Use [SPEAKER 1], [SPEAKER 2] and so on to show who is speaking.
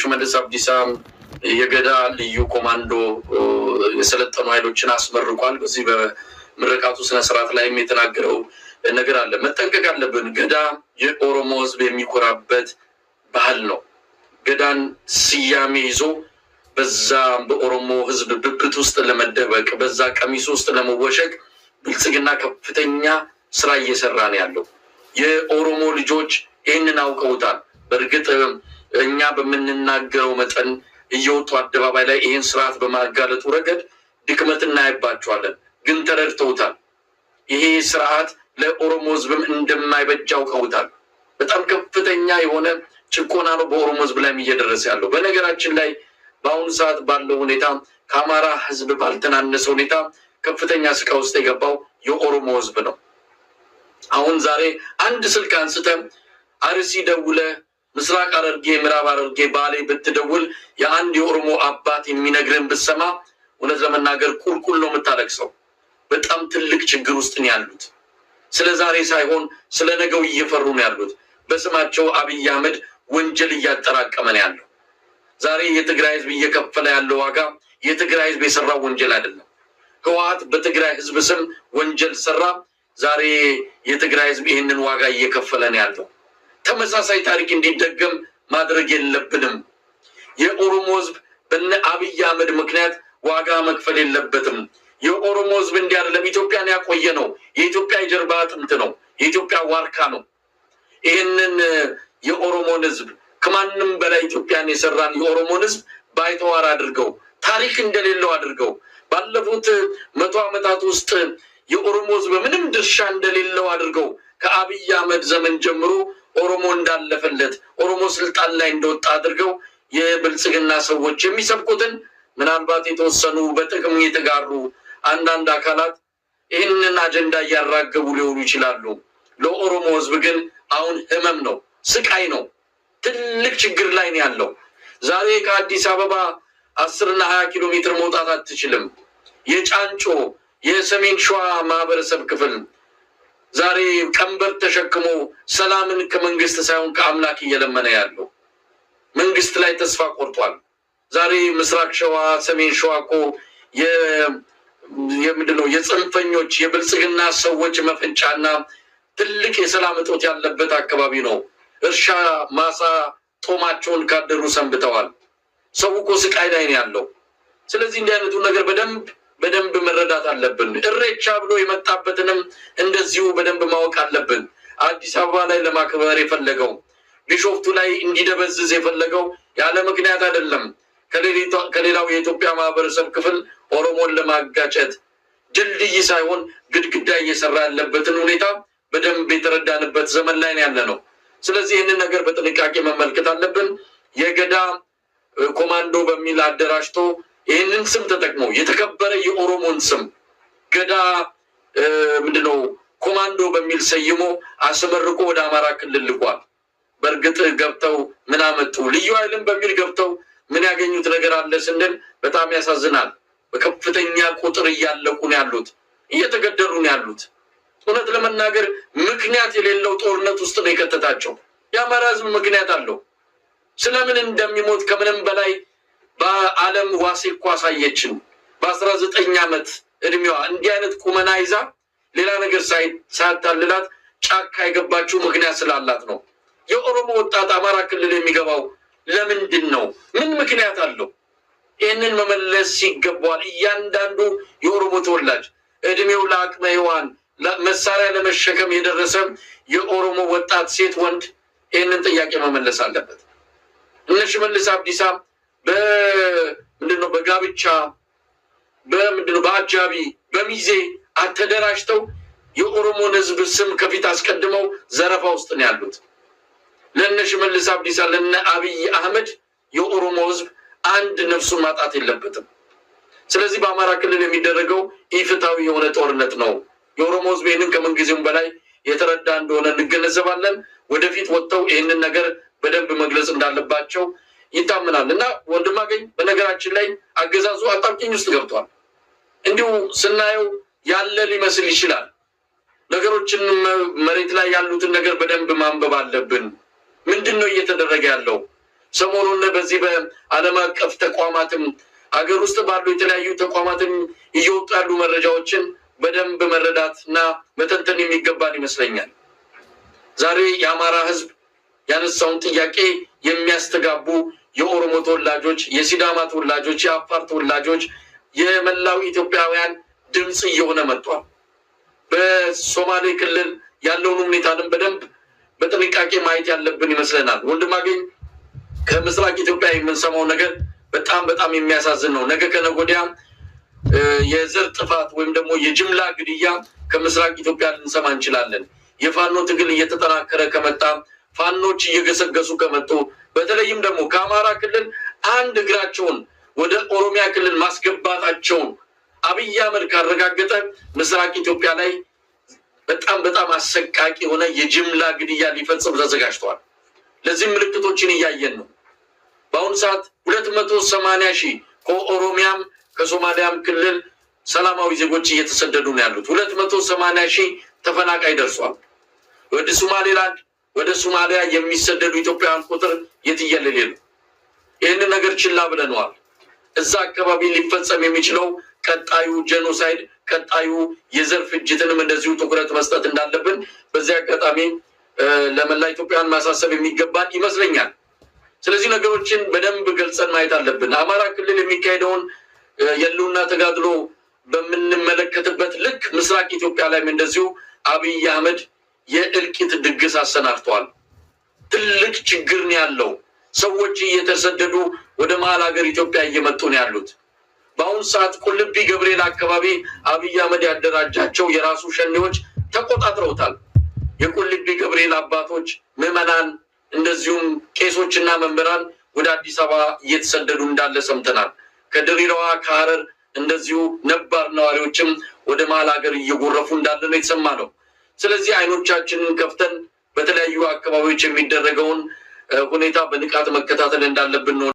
[SPEAKER 1] ሹመልስ አብዲሳም የገዳ ልዩ ኮማንዶ የሰለጠኑ ኃይሎችን አስመርቋል። በዚህ በምረቃቱ ስነስርዓት ላይም የተናገረው ነገር አለ። መጠንቀቅ አለብን። ገዳ የኦሮሞ ሕዝብ የሚኮራበት ባህል ነው። ገዳን ስያሜ ይዞ በዛ በኦሮሞ ሕዝብ ብብት ውስጥ ለመደበቅ በዛ ቀሚስ ውስጥ ለመወሸቅ ብልጽግና ከፍተኛ ስራ እየሰራ ነው ያለው። የኦሮሞ ልጆች ይህንን አውቀውታል። በእርግጥ እኛ በምንናገረው መጠን እየወጡ አደባባይ ላይ ይህን ስርዓት በማጋለጡ ረገድ ድክመት እናይባቸዋለን። ግን ተረድተውታል። ይሄ ስርዓት ለኦሮሞ ህዝብም እንደማይበጅ አውቀውታል። በጣም ከፍተኛ የሆነ ጭቆና ነው በኦሮሞ ህዝብ ላይም እየደረሰ ያለው። በነገራችን ላይ በአሁኑ ሰዓት ባለው ሁኔታ ከአማራ ህዝብ ባልተናነሰ ሁኔታ ከፍተኛ ስቃይ ውስጥ የገባው የኦሮሞ ህዝብ ነው። አሁን ዛሬ አንድ ስልክ አንስተ አርሲ ደውለ ምስራቅ ሐረርጌ፣ ምዕራብ ሐረርጌ፣ ባሌ ብትደውል የአንድ የኦሮሞ አባት የሚነግርን ብትሰማ እውነት ለመናገር ቁልቁል ነው የምታለቅሰው። በጣም ትልቅ ችግር ውስጥ ነው ያሉት። ስለ ዛሬ ሳይሆን ስለ ነገው እየፈሩ ነው ያሉት። በስማቸው አብይ አህመድ ወንጀል እያጠራቀመ ነው ያለው። ዛሬ የትግራይ ህዝብ እየከፈለ ያለው ዋጋ የትግራይ ህዝብ የሰራው ወንጀል አይደለም። ህወሓት በትግራይ ህዝብ ስም ወንጀል ሰራ። ዛሬ የትግራይ ህዝብ ይህንን ዋጋ እየከፈለ ነው ያለው። ተመሳሳይ ታሪክ እንዲደገም ማድረግ የለብንም። የኦሮሞ ህዝብ በነ አብይ አህመድ ምክንያት ዋጋ መክፈል የለበትም። የኦሮሞ ህዝብ እንዲህ አይደለም። ኢትዮጵያን ያቆየ ነው። የኢትዮጵያ የጀርባ አጥንት ነው። የኢትዮጵያ ዋርካ ነው። ይህንን የኦሮሞን ህዝብ ከማንም በላይ ኢትዮጵያን የሰራን የኦሮሞን ህዝብ ባይተዋር አድርገው ታሪክ እንደሌለው አድርገው ባለፉት መቶ ዓመታት ውስጥ የኦሮሞ ህዝብ ምንም ድርሻ እንደሌለው አድርገው ከአብይ አህመድ ዘመን ጀምሮ ኦሮሞ እንዳለፈለት ኦሮሞ ስልጣን ላይ እንደወጣ አድርገው የብልጽግና ሰዎች የሚሰብኩትን ምናልባት የተወሰኑ በጥቅም የተጋሩ አንዳንድ አካላት ይህንን አጀንዳ እያራገቡ ሊሆኑ ይችላሉ። ለኦሮሞ ህዝብ ግን አሁን ህመም ነው፣ ስቃይ ነው፣ ትልቅ ችግር ላይ ነው ያለው። ዛሬ ከአዲስ አበባ አስርና ሀያ ኪሎ ሜትር መውጣት አትችልም። የጫንጮ የሰሜን ሸዋ ማህበረሰብ ክፍል ዛሬ ቀንበር ተሸክሞ ሰላምን ከመንግስት ሳይሆን ከአምላክ እየለመነ ያለው መንግስት ላይ ተስፋ ቆርጧል። ዛሬ ምስራቅ ሸዋ፣ ሰሜን ሸዋ እኮ የምንድን የጽንፈኞች የብልጽግና ሰዎች መፈንጫና ትልቅ የሰላም እጦት ያለበት አካባቢ ነው። እርሻ ማሳ ጦማቸውን ካደሩ ሰንብተዋል። ሰው እኮ ስቃይ ላይ ነው ያለው። ስለዚህ እንዲህ አይነቱ ነገር በደንብ በደንብ መረዳት አለብን። እሬቻ ብሎ የመጣበትንም እንደዚሁ በደንብ ማወቅ አለብን። አዲስ አበባ ላይ ለማክበር የፈለገው ቢሾፍቱ ላይ እንዲደበዝዝ የፈለገው ያለ ምክንያት አይደለም። ከሌላው የኢትዮጵያ ማህበረሰብ ክፍል ኦሮሞን ለማጋጨት ድልድይ ሳይሆን ግድግዳ እየሰራ ያለበትን ሁኔታ በደንብ የተረዳንበት ዘመን ላይ ያለ ነው። ስለዚህ ይህንን ነገር በጥንቃቄ መመልከት አለብን። የገዳ ኮማንዶ በሚል አደራጅቶ ይህንን ስም ተጠቅመው የተከበረ የኦሮሞን ስም ገዳ ምንድነው ኮማንዶ በሚል ሰይሞ አስመርቆ ወደ አማራ ክልል ልኳል። በእርግጥ ገብተው ምን አመጡ? ልዩ ኃይልን በሚል ገብተው ምን ያገኙት ነገር አለ ስንል በጣም ያሳዝናል። በከፍተኛ ቁጥር እያለቁ ነው ያሉት፣ እየተገደሉ ነው ያሉት። እውነት ለመናገር ምክንያት የሌለው ጦርነት ውስጥ ነው የከተታቸው። የአማራ ህዝብ ምክንያት አለው። ስለምን እንደሚሞት ከምንም በላይ በዓለም ዋሴ እኮ አሳየችን። በአስራ ዘጠኝ ዓመት እድሜዋ እንዲህ አይነት ቁመና ይዛ ሌላ ነገር ሳያታልላት ጫካ የገባችው ምክንያት ስላላት ነው። የኦሮሞ ወጣት አማራ ክልል የሚገባው ለምንድን ነው? ምን ምክንያት አለው? ይህንን መመለስ ይገባዋል። እያንዳንዱ የኦሮሞ ተወላጅ እድሜው ለአቅመ ሔዋን መሳሪያ ለመሸከም የደረሰ የኦሮሞ ወጣት ሴት፣ ወንድ ይህንን ጥያቄ መመለስ አለበት። እነ ሽመልስ አብዲሳ በምንድነው በጋብቻ በምንድነው በአጃቢ በሚዜ አተደራጅተው የኦሮሞን ህዝብ ስም ከፊት አስቀድመው ዘረፋ ውስጥ ነው ያሉት። ለነ ሽመልስ አብዲሳ ለነ አብይ አህመድ የኦሮሞ ህዝብ አንድ ነፍሱን ማጣት የለበትም። ስለዚህ በአማራ ክልል የሚደረገው ኢፍታዊ የሆነ ጦርነት ነው። የኦሮሞ ህዝብ ይህንን ከምንጊዜውም በላይ የተረዳ እንደሆነ እንገነዘባለን። ወደፊት ወጥተው ይህንን ነገር በደንብ መግለጽ እንዳለባቸው ይታመናል እና ወንድማገኝ በነገራችን ላይ አገዛዙ አጣብቂኝ ውስጥ ገብቷል። እንዲሁ ስናየው ያለ ሊመስል ይችላል። ነገሮችን መሬት ላይ ያሉትን ነገር በደንብ ማንበብ አለብን። ምንድን ነው እየተደረገ ያለው? ሰሞኑን በዚህ በዓለም አቀፍ ተቋማትም ሀገር ውስጥ ባሉ የተለያዩ ተቋማትም እየወጡ ያሉ መረጃዎችን በደንብ መረዳት እና መተንተን የሚገባን ይመስለኛል። ዛሬ የአማራ ሕዝብ ያነሳውን ጥያቄ የሚያስተጋቡ የኦሮሞ ተወላጆች፣ የሲዳማ ተወላጆች፣ የአፋር ተወላጆች፣ የመላው ኢትዮጵያውያን ድምፅ እየሆነ መጥቷል። በሶማሌ ክልል ያለውን ሁኔታንም በደንብ በጥንቃቄ ማየት ያለብን ይመስለናል። ወንድማገኝ ከምስራቅ ኢትዮጵያ የምንሰማው ነገር በጣም በጣም የሚያሳዝን ነው። ነገ ከነገ ወዲያ የዘር ጥፋት ወይም ደግሞ የጅምላ ግድያ ከምስራቅ ኢትዮጵያ ልንሰማ እንችላለን። የፋኖ ትግል እየተጠናከረ ከመጣ ፋኖች እየገሰገሱ ከመጡ በተለይም ደግሞ ከአማራ ክልል አንድ እግራቸውን ወደ ኦሮሚያ ክልል ማስገባታቸውን አብይ አህመድ ካረጋገጠ ምስራቅ ኢትዮጵያ ላይ በጣም በጣም አሰቃቂ የሆነ የጅምላ ግድያ ሊፈጽም ተዘጋጅተዋል። ለዚህም ምልክቶችን እያየን ነው። በአሁኑ ሰዓት ሁለት መቶ ሰማንያ ሺህ ከኦሮሚያም ከሶማሊያም ክልል ሰላማዊ ዜጎች እየተሰደዱ ነው ያሉት። ሁለት መቶ ሰማንያ ሺህ ተፈናቃይ ደርሷል። ወደ ሶማሌላንድ ወደ ሶማሊያ የሚሰደዱ ኢትዮጵያውያን ቁጥር የትየለሌ ነው። ይህንን ነገር ችላ ብለነዋል። እዛ አካባቢ ሊፈጸም የሚችለው ቀጣዩ ጀኖሳይድ፣ ቀጣዩ የዘር ፍጅትንም እንደዚሁ ትኩረት መስጠት እንዳለብን በዚህ አጋጣሚ ለመላ ኢትዮጵያን ማሳሰብ የሚገባን ይመስለኛል። ስለዚህ ነገሮችን በደንብ ገልጸን ማየት አለብን። አማራ ክልል የሚካሄደውን የህልውና ተጋድሎ በምንመለከትበት ልክ ምስራቅ ኢትዮጵያ ላይም እንደዚሁ አብይ አህመድ የእልቂት ድግስ አሰናድቷል። ትልቅ ችግር ነው ያለው። ሰዎች እየተሰደዱ ወደ መሀል ሀገር ኢትዮጵያ እየመጡ ነው ያሉት። በአሁኑ ሰዓት ቁልቢ ገብርኤል አካባቢ አብይ አህመድ ያደራጃቸው የራሱ ሸኔዎች ተቆጣጥረውታል። የቁልቢ ገብርኤል አባቶች፣ ምዕመናን እንደዚሁም ቄሶችና መምህራን ወደ አዲስ አበባ እየተሰደዱ እንዳለ ሰምተናል። ከድሬዳዋ ከሀረር እንደዚሁ ነባር ነዋሪዎችም ወደ መሀል ሀገር እየጎረፉ እንዳለ ነው የተሰማ ነው። ስለዚህ አይኖቻችንን ከፍተን በተለያዩ አካባቢዎች የሚደረገውን ሁኔታ በንቃት መከታተል እንዳለብን ነው።